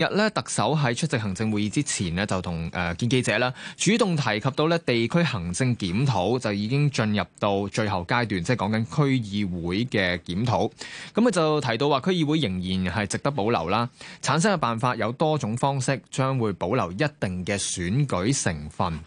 日咧，特首喺出席行政會議之前咧，就同誒、呃、見記者啦，主動提及到咧地區行政檢討就已經進入到最後階段，即係講緊區議會嘅檢討。咁啊，佢就提到話區議會仍然係值得保留啦。產生嘅辦法有多種方式，將會保留一定嘅選舉成分。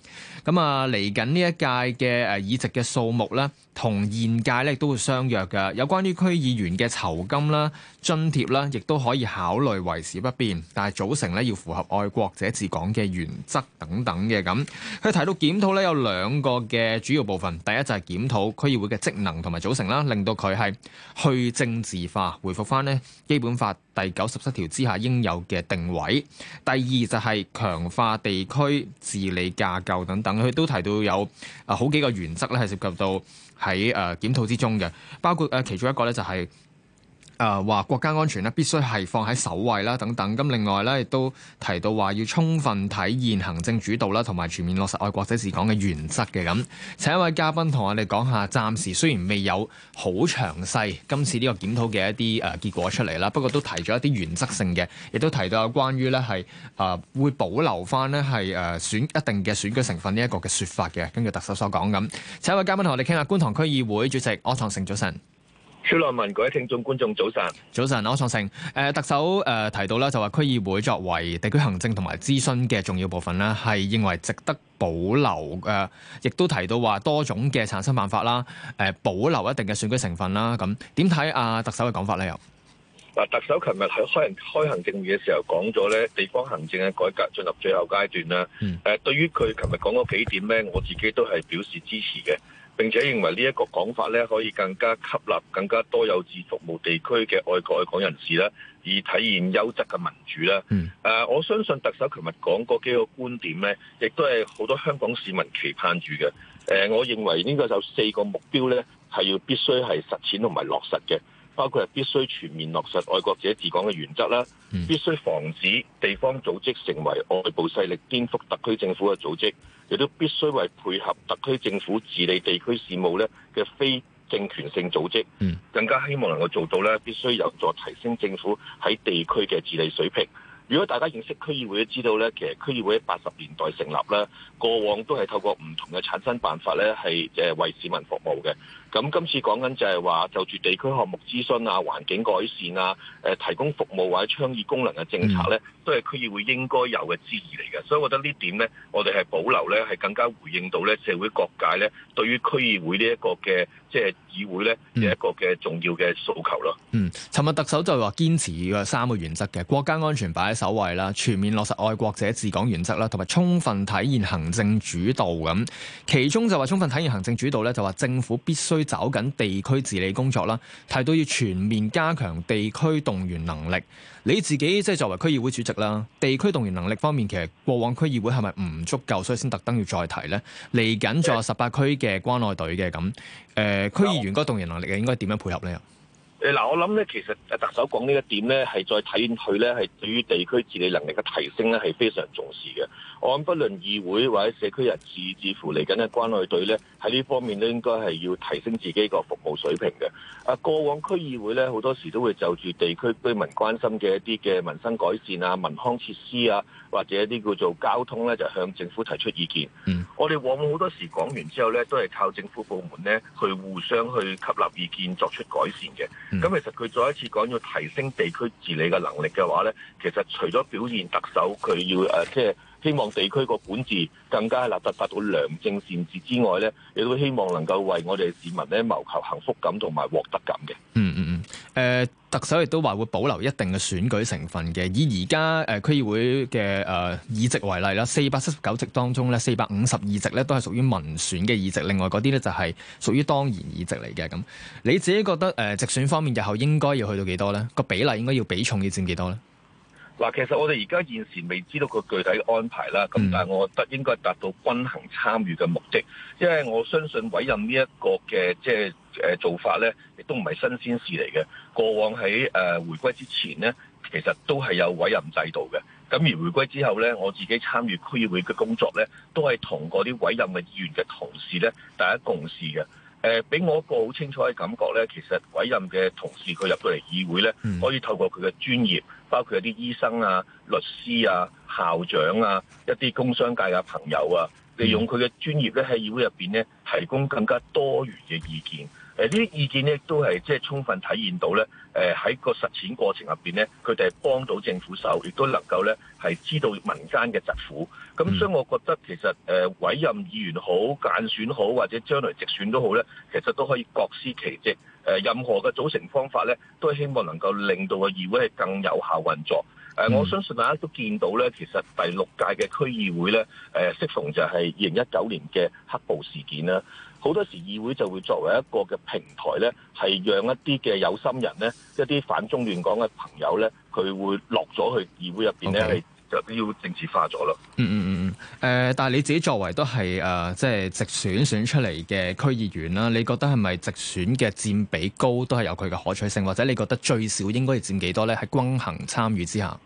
咁啊，嚟緊呢一屆嘅誒議席嘅數目啦，同現屆咧都會相約㗎。有關於區議員嘅酬金啦、津貼啦，亦都可以考慮維持不變，但係組成咧要符合愛國者治港嘅原則等等嘅咁。佢提到檢討咧有兩個嘅主要部分，第一就係檢討區議會嘅職能同埋組成啦，令到佢係去政治化，回復翻呢基本法第九十七條之下應有嘅定位。第二就係強化地區治理架構等等，佢都提到有啊好幾個原則咧係涉及到。喺誒檢討之中嘅，包括誒其中一個咧就係、是。誒話國家安全咧必須係放喺首位啦，等等。咁另外咧亦都提到話要充分體現行政主導啦，同埋全面落實愛國者治港嘅原則嘅咁。請一位嘉賓同我哋講下，暫時雖然未有好詳細今次呢個檢討嘅一啲誒結果出嚟啦，不過都提咗一啲原則性嘅，亦都提到有關於咧係誒會保留翻咧係誒選一定嘅選舉成分呢一個嘅説法嘅，根據特首所講咁。請一位嘉賓同我哋傾下，觀塘區議會主席柯創盛，早晨。超內民、各位聽眾、觀眾，早晨，早晨，我創盛誒，特首誒、呃、提到咧，就話區議會作為地區行政同埋諮詢嘅重要部分咧，係認為值得保留嘅，亦、呃、都提到話多種嘅產生辦法啦，誒、呃，保留一定嘅選舉成分啦，咁點睇啊？特首嘅講法咧，又嗱，特首琴日喺開行開行政會嘅時候講咗咧，地方行政嘅改革進入最後階段啦，誒、嗯呃，對於佢琴日講嗰幾點咧，我自己都係表示支持嘅。並且認為呢一個講法咧，可以更加吸納更加多有志服務地區嘅愛國愛港人士啦，以體現優質嘅民主啦。誒、嗯，我相信特首琴日講嗰幾個觀點咧，亦都係好多香港市民期盼住嘅。誒，我認為呢個有四個目標咧，係要必須係實踐同埋落實嘅。包括係必須全面落實愛國者治港嘅原則啦，必須防止地方組織成為外部勢力顛覆特區政府嘅組織，亦都必須為配合特區政府治理地區事務咧嘅非政權性組織，更加希望能夠做到咧必須有助提升政府喺地區嘅治理水平。如果大家認識區議會都知道咧，其實區議會喺八十年代成立啦，過往都係透過唔同嘅產生辦法咧係誒為市民服務嘅。咁今次講緊就係話就住地區項目諮詢啊、環境改善啊、誒、呃、提供服務或者倡議功能嘅政策咧，都係區議會應該有嘅支持嚟嘅。所以我覺得點呢點咧，我哋係保留咧，係更加回應到咧社會各界咧對於區議會呢一個嘅即係議會咧嘅一個嘅重要嘅訴求咯。嗯，尋日特首就話堅持嘅三個原則嘅國家安全擺喺首位啦，全面落實愛國者治港原則啦，同埋充分體現行政主導咁。其中就話充分體現行政主導咧，就話政府必須。找緊地區治理工作啦，提到要全面加強地區動員能力。你自己即係作為區議會主席啦，地區動員能力方面，其實過往區議會係咪唔足夠，所以先特登要再提呢，嚟緊仲有十八區嘅關內隊嘅咁，誒、呃，區議員嗰動員能力應該點樣配合咧？誒，嗱，我諗咧，其實特首講呢一點咧，係再睇佢咧係對於地區治理能力嘅提升咧，係非常重視嘅。按不論議會或者社區人士，至乎嚟緊嘅關愛隊咧，喺呢方面咧，應該係要提升自己個服務水平嘅。啊，過往區議會咧，好多時都會就住地區居民關心嘅一啲嘅民生改善啊、民康設施啊，或者一啲叫做交通咧，就向政府提出意見。嗯、mm.，我哋往往好多時講完之後咧，都係靠政府部門咧去互相去吸納意見，作出改善嘅。咁、mm. 其實佢再一次講要提升地區治理嘅能力嘅話咧，其實除咗表現特首佢要誒即、呃就係希望地區個管治更加立達，達到良政善治之外咧，亦都希望能夠為我哋市民咧謀求幸福感同埋獲得感嘅。嗯嗯嗯，誒、呃、特首亦都話會保留一定嘅選舉成分嘅。以而家誒區議會嘅誒、呃、議席為例啦，四百七十九席當中咧，四百五十二席咧都係屬於民選嘅議席，另外嗰啲咧就係屬於當然議席嚟嘅。咁你自己覺得誒、呃、直選方面日後應該要去到幾多咧？個比例應該要比重要佔幾多咧？嗱，其實我哋而家現時未知道佢具體安排啦，咁、嗯、但係我覺得應該達到均衡參與嘅目的，因為我相信委任呢一個嘅即係誒做法咧，亦都唔係新鮮事嚟嘅。過往喺誒、呃、回歸之前咧，其實都係有委任制度嘅。咁而回歸之後咧，我自己參與區議會嘅工作咧，都係同嗰啲委任嘅議員嘅同事咧，大家共事嘅。誒、呃，俾我一個好清楚嘅感覺咧，其實委任嘅同事佢入到嚟議會咧，可以透過佢嘅專業。包括一啲醫生啊、律師啊、校長啊、一啲工商界嘅朋友啊，利用佢嘅專業咧喺議會入邊咧，提供更加多元嘅意見。誒呢啲意見咧，都係即係充分體現到咧，誒喺個實踐過程入邊，咧，佢哋係幫到政府手，亦都能夠咧係知道民間嘅疾苦。咁、嗯、所以，我覺得其實誒委任議員好、間選，選好，或者將來直選都好咧，其實都可以各司其職。任何嘅組成方法咧，都係希望能夠令到個議會係更有效運作。嗯、我相信大家都見到咧，其實第六屆嘅區議會咧，誒適逢就係二零一九年嘅黑暴事件啦。好多時議會就會作為一個嘅平台呢，係讓一啲嘅有心人呢，一啲反中亂港嘅朋友呢，佢會落咗去議會入面呢，呢、okay. 你就要政治化咗咯。嗯嗯嗯嗯，嗯呃、但係你自己作為都係誒，即、呃、係、就係、直選選出嚟嘅區議員啦，你覺得係咪直選嘅佔比高都係有佢嘅可取性，或者你覺得最少應該要佔幾多呢？喺均衡參與之下。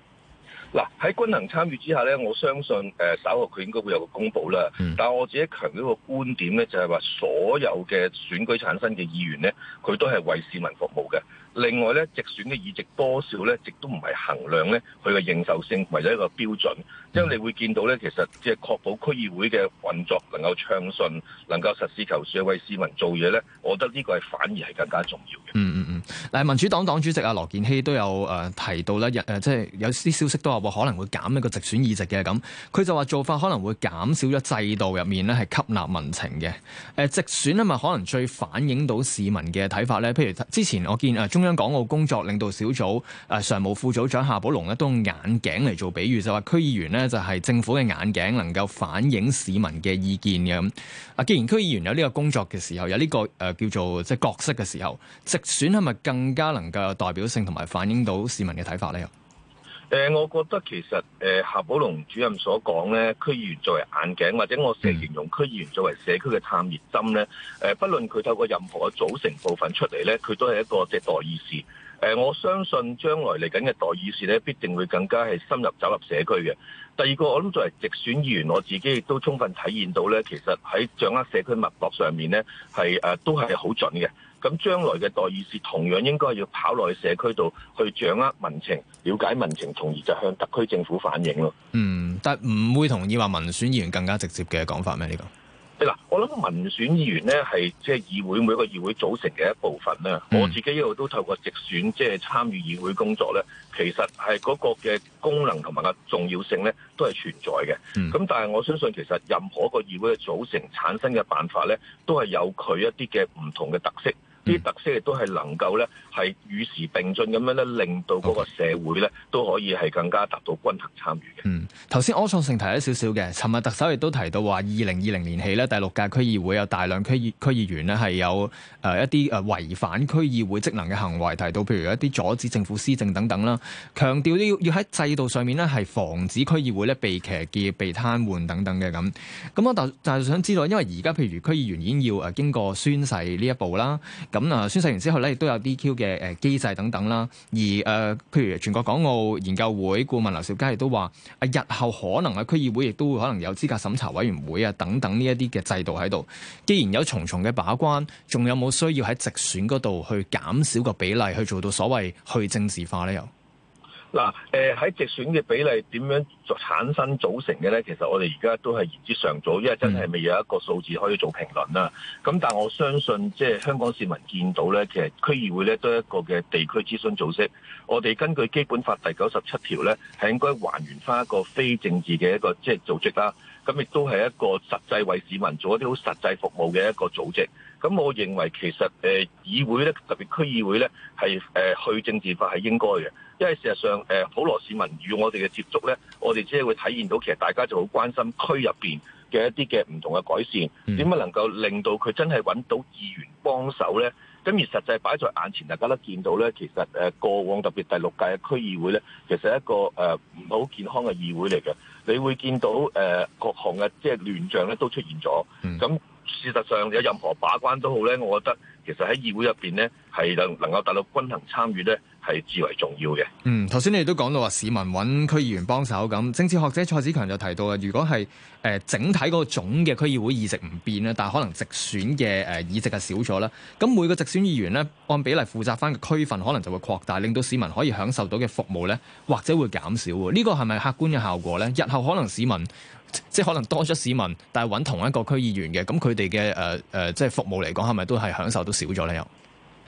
嗱，喺均衡參與之下咧，我相信誒稍後佢應該會有個公布啦，嗯。但係我自己強調一個觀點咧，就係話所有嘅選舉產生嘅議員咧，佢都係為市民服務嘅。另外咧，直選嘅議席多少咧，亦都唔係衡量咧佢嘅認受性為咗一個標準，因為你會見到咧，其實即係確保區議會嘅運作能夠暢順，能夠實事求是為市民做嘢咧，我覺得呢個係反而係更加重要嘅。嗯嗯嗯，嗱、嗯，民主黨黨主席啊羅健熙都有提到咧，日、呃呃、即係有啲消息都話、呃、可能會減一個直選議席嘅咁，佢就話做法可能會減少咗制度入面咧係吸納民情嘅、呃。直選啊嘛，可能最反映到市民嘅睇法咧，譬如之前我見啊、呃、中央。香港澳工作領導小組誒常務副組長夏寶龍咧，都用眼鏡嚟做比喻，就話區議員呢就係政府嘅眼鏡，能夠反映市民嘅意見嘅咁。啊，既然區議員有呢個工作嘅時候，有呢個誒叫做即係角色嘅時候，直選係咪更加能夠有代表性同埋反映到市民嘅睇法咧？誒，我覺得其實誒夏寶龍主任所講咧，區議員作為眼鏡，或者我成日形容區議員作為社區嘅探熱針咧，誒，不論佢透過任何嘅組成部分出嚟咧，佢都係一個嘅代議士。誒，我相信將來嚟緊嘅代議士咧，必定會更加係深入走入社區嘅。第二個，我諗作為直選議員，我自己亦都充分體現到咧，其實喺掌握社區脈搏上面咧，係誒都係好準嘅。咁將來嘅代議士同樣應該要跑落去社區度去掌握民情、了解民情，從而就向特區政府反映咯。嗯，但唔會同意話民選議員更加直接嘅講法咩？呢個嗱，我諗民選議員呢係即係議會每個議會組成嘅一部分咧、嗯。我自己一路都透過直選即係參與議會工作呢，其實係嗰個嘅功能同埋個重要性呢都係存在嘅。咁、嗯、但係我相信其實任何一個議會嘅組成產生嘅辦法呢，都係有佢一啲嘅唔同嘅特色。啲特色亦都係能夠咧，係與時並進咁樣咧，令到嗰個社會咧都可以係更加達到均衡參與嘅。嗯，頭先柯創盛提咗少少嘅，尋日特首亦都提到話，二零二零年起咧，第六屆區議會有大量區區議員咧係有誒一啲誒違反區議會職能嘅行為，提到譬如一啲阻止政府施政等等啦，強調要要喺制度上面咧係防止區議會咧被騎劫、被癱瘓等等嘅咁。咁我但但係想知道，因為而家譬如區議員已經要誒經過宣誓呢一步啦。咁啊宣誓完之後咧，亦都有 DQ 嘅誒機制等等啦。而誒、呃，譬如全國港澳研究會顧問劉兆佳亦都話：啊，日後可能喺區議會亦都會可能有資格審查委員會啊等等呢一啲嘅制度喺度。既然有重重嘅把關，仲有冇需要喺直選嗰度去減少個比例，去做到所謂去政治化咧？又？嗱，喺直選嘅比例點樣產生組成嘅咧？其實我哋而家都係言之尚早，因為真係未有一個數字可以做評論啦。咁但係我相信，即係香港市民見到咧，其實區議會咧都係一個嘅地區諮詢組織。我哋根據基本法第九十七條咧，係應該還原翻一個非政治嘅一個即係、就是、組織啦。咁亦都係一個實際為市民做一啲好實際服務嘅一個組織。咁我認為其實議會咧，特別區議會咧，係、呃、去政治化係應該嘅，因為事實上誒普羅市民與我哋嘅接觸咧，我哋即係會體現到，其實大家就好關心區入面嘅一啲嘅唔同嘅改善，點樣能夠令到佢真係揾到議員幫手咧？咁而實際擺在眼前，大家都見到咧，其實誒過往特別第六屆嘅區議會咧，其實係一個唔好、呃、健康嘅議會嚟嘅，你會見到、呃、各項嘅即係亂象咧都出現咗，咁。事實上有任何把關都好咧，我覺得其實喺議會入邊呢，係能能夠達到均衡參與呢，係至為重要嘅。嗯，頭先你都講到話市民揾區議員幫手咁，政治學者蔡子強就提到啊，如果係誒、呃、整體嗰個總嘅區議會議席唔變咧，但係可能直選嘅誒、呃、議席係少咗啦，咁每個直選議員呢，按比例負責翻嘅區份可能就會擴大，令到市民可以享受到嘅服務呢，或者會減少喎。呢個係咪客觀嘅效果呢？日後可能市民，即係可能多咗市民，但係揾同一個區議員嘅，咁佢哋嘅誒誒，即、呃、係、呃、服務嚟講係咪都係享受都少咗咧？又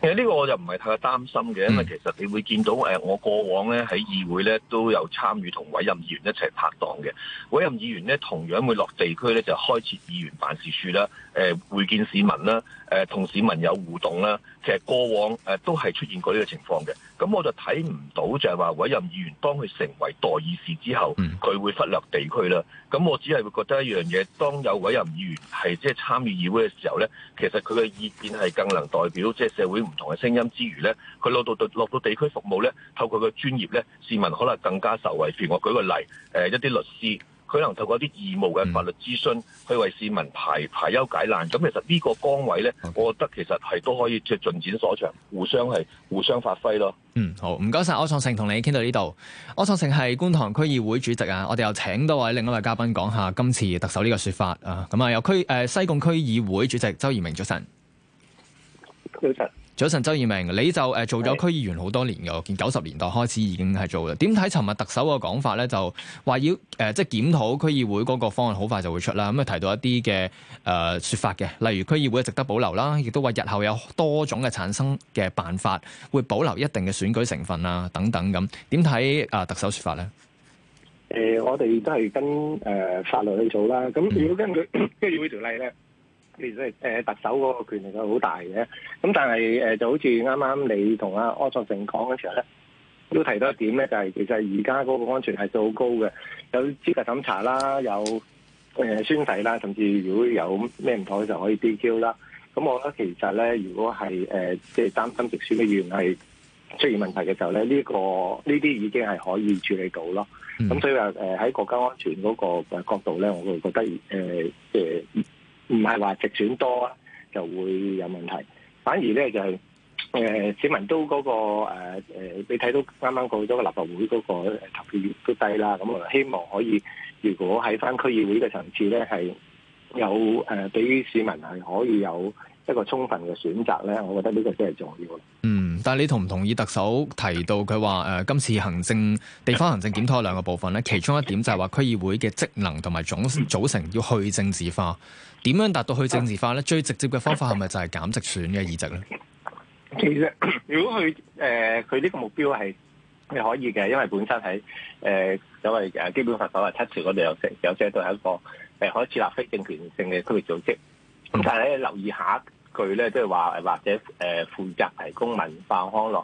其實呢個我就唔係太擔心嘅，因為其實你會見到誒、呃，我過往咧喺議會咧都有參與同委任議員一齊拍檔嘅，委任議員咧同樣會落地區咧就開設議員辦事處啦。誒會見市民啦，誒同市民有互動啦，其實過往誒都係出現過呢個情況嘅，咁我就睇唔到就係話委任議員當佢成為代議士之後，佢會忽略地區啦。咁我只係會覺得一樣嘢，當有委任議員係即係參與議會嘅時候咧，其實佢嘅意見係更能代表即係社會唔同嘅聲音之餘咧，佢落到落到地區服務咧，透過佢嘅專業咧，市民可能更加受惠。譬如我舉個例，誒一啲律師。佢能透過一啲義務嘅法律諮詢，嗯，去為市民排排憂解難。咁其實呢個崗位呢，我覺得其實係都可以即係盡展所長，互相係互相發揮咯。嗯，好，唔該晒，柯創盛同你傾到呢度。柯創盛係觀塘區議會主席啊，我哋又請多位另一位嘉賓講下今次特首呢個説法啊。咁啊，由區誒、呃、西貢區議會主席周賢明早晨。早晨。早晨，周賢明，你就、呃、做咗區議員好多年嘅，我見九十年代開始已經係做嘅。點睇尋日特首嘅講法咧？就話要誒、呃、即係檢討區議會嗰個方案，好快就會出啦。咁啊提到一啲嘅誒說法嘅，例如區議會值得保留啦，亦都話日後有多種嘅產生嘅辦法，會保留一定嘅選舉成分啊等等咁。點睇啊特首說法咧、呃？我哋都係跟誒、呃、法律去做啦。咁如果根據區議會條例咧？嗯 其實誒特首嗰個權力係好大嘅，咁但係誒就好似啱啱你同阿柯創盛講嘅時候咧，都提到一點咧，就係、是、其實而家嗰個安全係數好高嘅，有資格審查啦，有誒宣誓啦，甚至如果有咩唔妥就可以 DQ 啦。咁我覺得其實咧，如果係誒即係擔心直選嘅議員出現問題嘅時候咧，呢、這個呢啲已經係可以處理到咯。咁所以話誒喺國家安全嗰個角度咧，我會覺得誒即係。呃呃唔係話直選多啊就會有問題，反而咧就係誒、呃、市民都嗰、那個誒、呃、你睇到啱啱過咗個立法會嗰、那個、呃、投票率都低啦，咁、嗯、我希望可以，如果喺翻區議會嘅層次咧係有誒，對、呃、於市民係可以有。一個充分嘅選擇咧，我覺得呢個真係重要的。嗯，但係你同唔同意特首提到佢話誒今次行政地方行政檢討兩個部分咧，其中一點就係話區議會嘅職能同埋組組成要去政治化。點樣達到去政治化咧、啊？最直接嘅方法係咪就係減直選嘅議席咧？其實如果佢誒佢呢個目標係係可以嘅，因為本身喺誒所謂基本法所謂七條嗰度有寫有寫到有一個誒可以設立非政權性嘅區域組織。咁、嗯、但係咧留意一下。佢咧即係話誒，或者誒負責提供文化康樂、誒、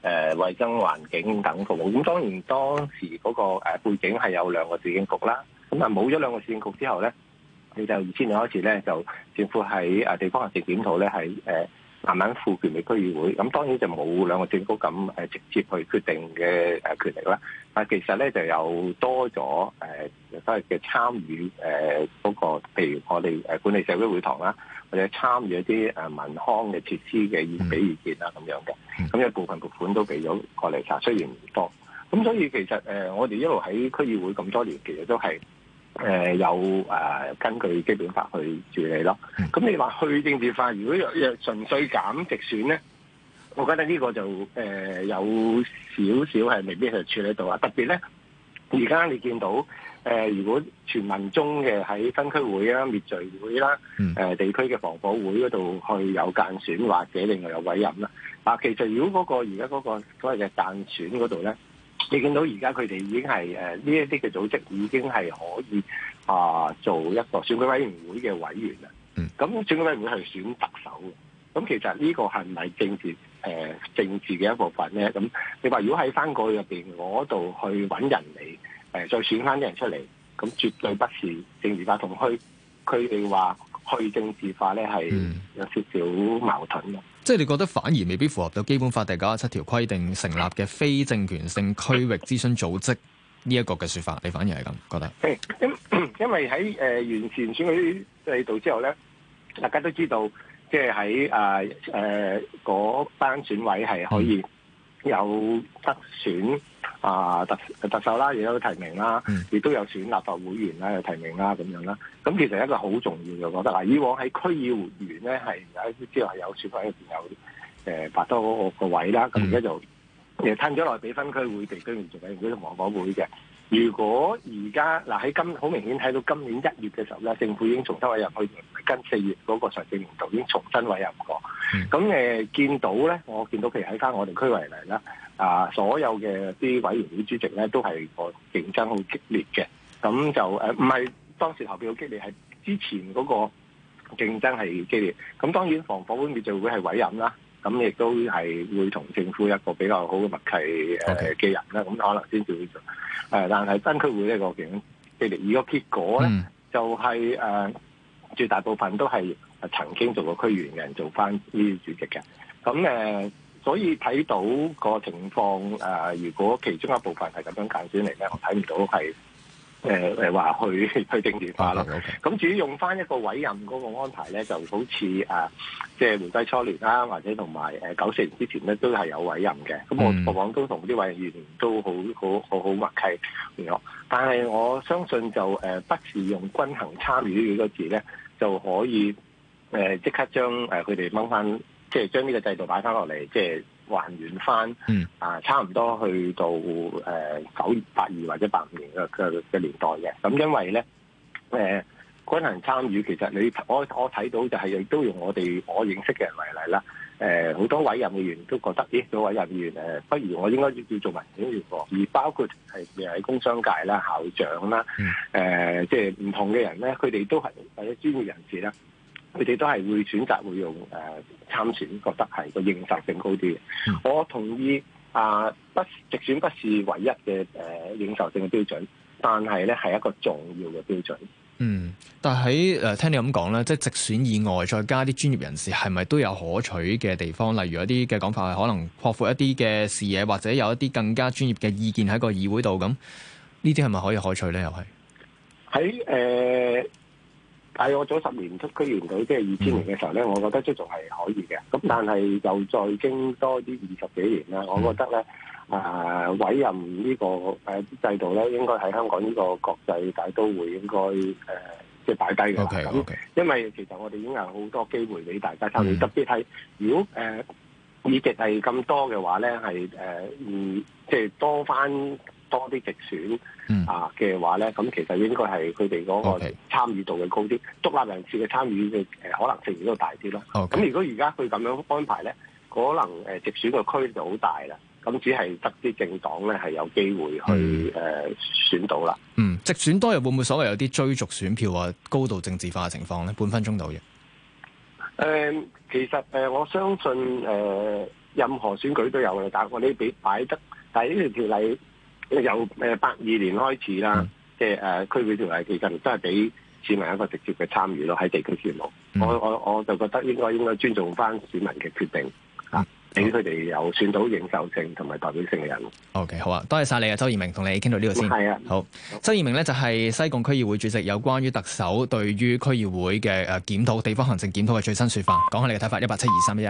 呃、衞生環境等服務。咁當然當時嗰個誒背景係有兩個市政局啦。咁但冇咗兩個市政局之後咧，你就二千年開始咧，就政府喺啊地方行政檢討咧，喺、呃、誒。慢慢賦權俾區議會，咁當然就冇兩個政府咁直接去決定嘅權力啦。但其實咧就有多咗誒，所謂嘅參與誒嗰個，譬、呃、如我哋管理社區會,會堂啦，或者參與一啲誒民康嘅設施嘅意見、意見啦咁樣嘅。咁、嗯、有部分撥款都俾咗過嚟查，雖然唔多。咁所以其實、呃、我哋一路喺區議會咁多年，其實都係。誒、呃、有誒、呃、根據基本法去處理咯。咁你話去政治化，如果純粹減直選咧，我覺得呢個就誒、呃、有少少係未必係處理到啊。特別咧，而家你見到誒、呃，如果全民中嘅喺分區會呀、滅罪會啦、呃、地區嘅防火會嗰度去有間選，或者另外有委任啦、呃。其實如果嗰個而家嗰個所謂嘅間選嗰度咧，你見到而家佢哋已經係誒呢一啲嘅組織已經係可以啊做一個選舉委員會嘅委員啦。嗯，咁選舉委員會係選特首嘅，咁其實呢個係唔係政治誒、呃、政治嘅一部分咧？咁你話如果喺返過去入邊我度去揾人嚟誒、呃、再選翻啲人出嚟，咁絕對不是政治化，同佢佢哋話去政治化咧係有少少矛盾咯。即係你覺得反而未必符合到基本法第九十七條規定成立嘅非政權性區域諮詢組織呢一個嘅說法，你反而係咁覺得？因為喺、呃、完善選舉制度之後咧，大家都知道，即係喺啊誒嗰班選委係可以有得選。啊特特首啦，亦都有提名啦，亦、mm. 都有選立法會員啦，有提名啦咁樣啦。咁其實一個好重要嘅，我覺得嗱，以往喺區議會員咧係有知啲有選位入邊有誒多個個位啦。咁而家就趁咗耐比分區會、地區議員、委員委員會、黃綫會嘅。如果而家嗱喺今好明顯睇到今年一月嘅時候咧，政府已經重新委任去跟四月嗰個上四年度已經重新委任過。咁、mm. 誒、呃、見到咧，我見到譬如喺翻我哋區域嚟啦。啊！所有嘅啲委員會主席咧都係個競爭好激烈嘅，咁就誒唔係當時投票激烈，係之前嗰個競爭係激烈。咁當然，防火委員就會係委任啦，咁亦都係會同政府一個比較好嘅默契嘅人啦。咁、okay. 可能先至會做，但係新區會呢個競爭激烈，而個結果咧就係、是、誒、mm. 呃，絕大部分都係曾經做過區員嘅人做翻呢主席嘅，咁誒。呃所以睇到個情況，誒、呃，如果其中一部分係咁樣揀選嚟咧，我睇唔到係誒誒話去去政治化咯。咁、okay, okay. 至於用翻一個委任嗰個安排咧，就好似誒，即係滿洲初年回歸初年啦、啊，或者同埋誒九四年之前咧，都係有委任嘅。咁我，、mm. 我往都同啲委員都好好好好默契。咁但係我相信就誒、呃，不是用均衡參與呢幾個字咧，就可以誒即、呃、刻將誒佢哋掹翻。呃即係將呢個制度擺翻落嚟，即係還原翻啊，差唔多去到誒、呃、九月、八二或者八五年嘅嘅嘅年代嘅。咁、嗯、因為咧，誒、呃，均衡參與，其實你我我睇到就係都用我哋我認識嘅人為例啦。誒、呃，好多委任員都覺得，咦、哎，嗰委任員、呃、不如我應該要要做民選議員喎。而包括係喺工商界啦、校長啦，誒、嗯呃，即係唔同嘅人咧，佢哋都係或者專業人士啦。佢哋都係會選擇會用、呃、參選，覺得係個認受性高啲嘅、嗯。我同意啊、呃，不直選不是唯一嘅誒、呃、認受性嘅標準，但係咧係一個重要嘅標準。嗯，但係喺誒聽你咁講咧，即係直選以外，再加啲專業人士，係咪都有可取嘅地方？例如有啲嘅講法係可能擴闊一啲嘅視野，或者有一啲更加專業嘅意見喺個議會度咁，呢啲係咪可以可取咧？又係喺誒係我早十年，出區議員即係二千年嘅時候咧，我覺得即係仲係可以嘅。咁但係又再經多啲二十幾年啦，我覺得咧，誒委任呢個誒制度咧，應該喺香港呢個國際大都會應該誒即係擺低㗎。O K O K，因為其實我哋已經有好多機會俾大家參與，特別係如果誒議席係咁多嘅話咧，係誒嗯，即係多翻。多啲直選啊嘅話咧，咁、嗯、其實應該係佢哋嗰個參與度嘅高啲，okay。獨立人士嘅參與嘅誒可能性亦都大啲咯。咁、okay。如果而家佢咁樣安排咧，可能誒直選嘅區就好大啦。咁只係得啲政黨咧係有機會去誒、嗯呃、選到啦。嗯，直選多又會唔會所謂有啲追逐選票啊、高度政治化嘅情況咧？半分鐘到嘅。誒、呃，其實誒、呃，我相信誒、呃，任何選舉都有嘅，但我哋俾擺得，但係呢條條例。由誒八二年開始啦，即係誒區議會條例其實真係俾市民一個直接嘅參與咯，喺地區選務。嗯、我我我就覺得應該應該尊重翻市民嘅決定，嚇俾佢哋有選到認受性同埋代表性嘅人。OK，好啊，多謝晒你啊，周賢明，同你傾到呢度先。係啊，好，周賢明呢，就係西貢區議會主席，有關於特首對於區議會嘅誒檢討地方行政檢討嘅最新説法，講下你嘅睇法，一八七二三一一。